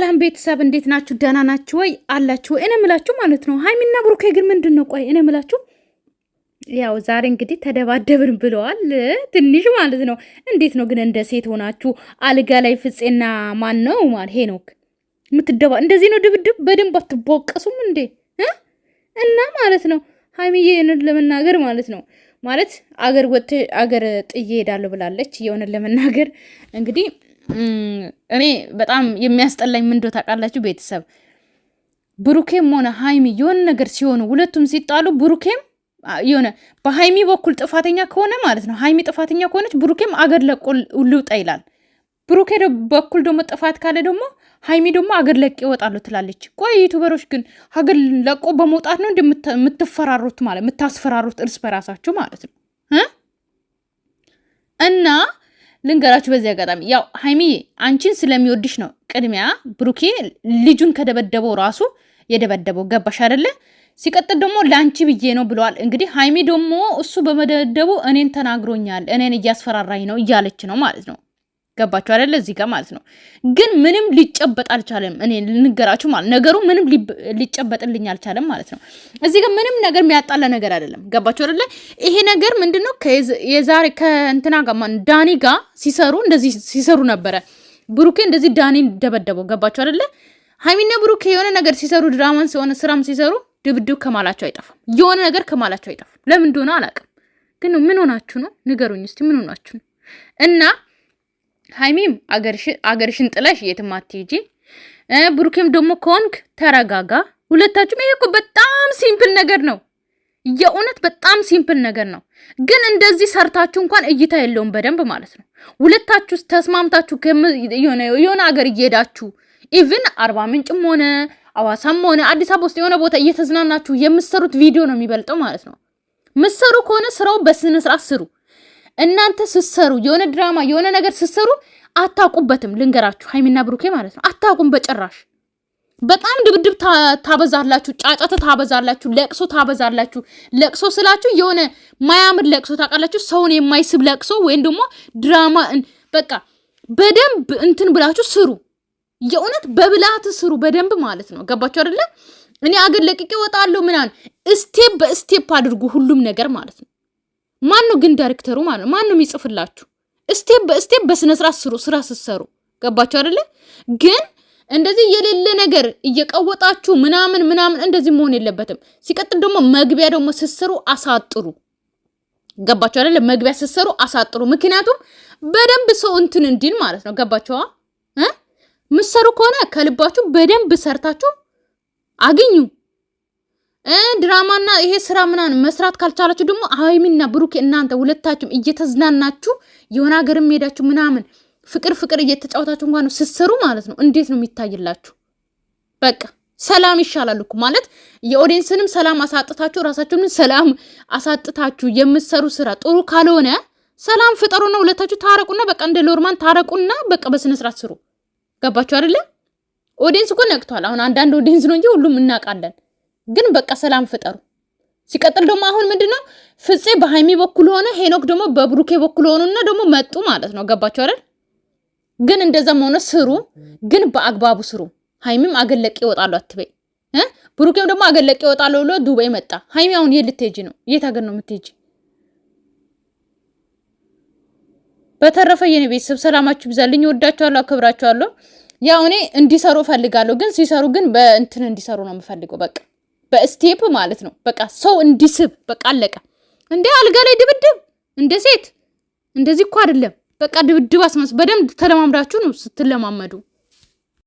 ሰላም ቤተሰብ እንዴት ናችሁ? ደህና ናችሁ ወይ? አላችሁ እኔ ምላችሁ ማለት ነው። ሀይሚና ብሩኬ ግን ምንድን ነው? ቆይ እኔ ምላችሁ ያው ዛሬ እንግዲህ ተደባደብን ብለዋል ትንሽ ማለት ነው። እንዴት ነው ግን እንደ ሴት ሆናችሁ አልጋ ላይ ፍፄና ማን ነው ማለት ሄኖክ የምትደባ እንደዚህ ነው ድብድብ። በደንብ አትቦቀሱም እንዴ? እና ማለት ነው ሀይሚዬ ይህንን ለመናገር ማለት ነው ማለት አገር ወጥቼ አገር ጥዬ ሄዳለሁ ብላለች። የሆነን ለመናገር እንግዲህ እኔ በጣም የሚያስጠላኝ ምንዶ ታውቃላችሁ ቤተሰብ ብሩኬም ሆነ ሀይሚ የሆነ ነገር ሲሆኑ ሁለቱም ሲጣሉ ብሩኬም የሆነ በሀይሚ በኩል ጥፋተኛ ከሆነ ማለት ነው ሀይሚ ጥፋተኛ ከሆነች ብሩኬም አገር ለቆ ልውጣ ይላል። ብሩኬ በኩል ደግሞ ጥፋት ካለ ደግሞ ሀይሚ ደግሞ አገር ለቅ ይወጣሉ ትላለች። ቆይ ዩቱበሮች ግን ሀገር ለቆ በመውጣት ነው የምትፈራሩት ማለት የምታስፈራሩት እርስ በራሳችሁ ማለት ነው እና ልንገራችሁ በዚህ አጋጣሚ ያው ሀይሚ አንቺን ስለሚወድሽ ነው። ቅድሚያ ብሩኬ ልጁን ከደበደበው ራሱ የደበደበው ገባሽ አደለ? ሲቀጥል ደግሞ ለአንቺ ብዬ ነው ብለዋል። እንግዲህ ሀይሚ ደግሞ እሱ በመደደቡ እኔን ተናግሮኛል፣ እኔን እያስፈራራኝ ነው እያለች ነው ማለት ነው። ገባችሁ አይደለ? እዚህ ጋር ማለት ነው። ግን ምንም ሊጨበጥ አልቻለም። እኔ ልንገራችሁ ማለት ነገሩ ምንም ሊጨበጥልኝ አልቻለም ማለት ነው። እዚህ ጋር ምንም ነገር የሚያጣለ ነገር አይደለም። ገባችሁ አይደለ? ይሄ ነገር ምንድነው የዛሬ ከእንትና ጋ ዳኒ ጋር ሲሰሩ እንደዚህ ሲሰሩ ነበረ። ብሩኬ እንደዚህ ዳኒ ደበደበው። ገባችሁ አይደለ? ሀይሚና ብሩኬ የሆነ ነገር ሲሰሩ ድራማን ሲሆነ ስራም ሲሰሩ ድብድብ ከማላቸው አይጠፋም። የሆነ ነገር ከማላቸው አይጠፋም። ለምን እንደሆነ አላውቅም። ግን ምን ሆናችሁ ነው ንገሩኝ እስቲ። ምን ሆናችሁ ነው እና ሀይሚም አገርሽን ጥለሽ የትም አትሄጂ። ብሩኬም ደግሞ ከሆንክ ተረጋጋ። ሁለታችሁም ይሄ እኮ በጣም ሲምፕል ነገር ነው። የእውነት በጣም ሲምፕል ነገር ነው፣ ግን እንደዚህ ሰርታችሁ እንኳን እይታ የለውም በደንብ ማለት ነው። ሁለታችሁ ተስማምታችሁ የሆነ ሀገር እየሄዳችሁ ኢቭን አርባ ምንጭም ሆነ አዋሳም ሆነ አዲስ አበባ ውስጥ የሆነ ቦታ እየተዝናናችሁ የምሰሩት ቪዲዮ ነው የሚበልጠው ማለት ነው። ምሰሩ ከሆነ ስራው በስነ ስርዓት ስሩ። እናንተ ስሰሩ የሆነ ድራማ የሆነ ነገር ስሰሩ አታውቁበትም። ልንገራችሁ ሀይሚና ብሩኬ ማለት ነው አታውቁም በጭራሽ። በጣም ድብድብ ታበዛላችሁ፣ ጫጫታ ታበዛላችሁ፣ ለቅሶ ታበዛላችሁ። ለቅሶ ስላችሁ የሆነ ማያምር ለቅሶ ታውቃላችሁ፣ ሰውን የማይስብ ለቅሶ ወይም ደግሞ ድራማ። በቃ በደንብ እንትን ብላችሁ ስሩ፣ የእውነት በብላት ስሩ፣ በደንብ ማለት ነው። ገባችሁ አይደለ? እኔ አገር ለቅቄ እወጣለሁ ምናምን፣ ስቴፕ በስቴፕ አድርጉ ሁሉም ነገር ማለት ነው። ማን ግን ዳይሬክተሩ? ማለት ማን ነው የሚጽፍላችሁ? ስቴፕ በስቴፕ በስነ ስርዓት ስሩ። ስራ ስትሰሩ ገባችሁ አይደለ? ግን እንደዚህ የሌለ ነገር እየቀወጣችሁ ምናምን ምናምን እንደዚህ መሆን የለበትም። ሲቀጥል ደግሞ መግቢያ ደግሞ ስትሰሩ አሳጥሩ። ገባችሁ አይደለ? መግቢያ ስትሰሩ አሳጥሩ። ምክንያቱም በደንብ ሰው እንትን እንዲል ማለት ነው። ገባችኋ? ምሰሩ ከሆነ ከልባችሁ በደንብ ሰርታችሁ አግኙ። ድራማና ይሄ ስራ ምናምን መስራት ካልቻላችሁ ደግሞ ሀይሚና ብሩኬ እናንተ ሁለታችሁም እየተዝናናችሁ የሆነ ሀገርም ሄዳችሁ ምናምን ፍቅር ፍቅር እየተጫወታችሁ እንኳን ስትሰሩ ማለት ነው እንዴት ነው የሚታይላችሁ? በቃ ሰላም ይሻላል እኮ ማለት የኦዲየንስንም ሰላም አሳጥታችሁ ራሳችሁንም ሰላም አሳጥታችሁ የምትሰሩ ስራ ጥሩ ካልሆነ ሰላም ፍጠሩና ሁለታችሁ ታረቁና በቃ እንደ ሎርማን ታረቁና በቃ በስነ ስርዓት ስሩ። ገባችሁ አይደለ? ኦዲየንስ እኮ ነቅቷል። አሁን አንዳንድ ኦዲየንስ ነው እንጂ ሁሉም እናውቃለን። ግን በቃ ሰላም ፍጠሩ። ሲቀጥል ደግሞ አሁን ምንድነው ፍፄ በሃይሚ በኩል ሆነ ሄኖክ ደግሞ በብሩኬ በኩል ሆኑና ደግሞ መጡ ማለት ነው። ገባቸው አይደል? ግን እንደዛም ሆነ ስሩ፣ ግን በአግባቡ ስሩ። ሃይሚም አገለቅ ይወጣሉ አትበይ። ብሩኬም ደግሞ አገለቅ ይወጣሉ ብሎ ዱባይ መጣ። ሃይሚ አሁን የት ልትሄጂ ነው? የት ሀገር ነው የምትሄጂ? በተረፈ የኔ ቤተሰብ ሰላማችሁ ብዛልኝ። ወዳችኋለሁ፣ አክብራችኋለሁ። ያው እኔ እንዲሰሩ እፈልጋለሁ፣ ግን ሲሰሩ ግን በእንትን እንዲሰሩ ነው የምፈልገው በቃ በስቴፕ ማለት ነው። በቃ ሰው እንዲስብ በቃ አለቀ። እንደ አልጋ ላይ ድብድብ እንደ ሴት እንደዚህ እኮ አይደለም። በቃ ድብድብ አስመስ በደንብ ተለማምዳችሁ ነው ስትለማመዱ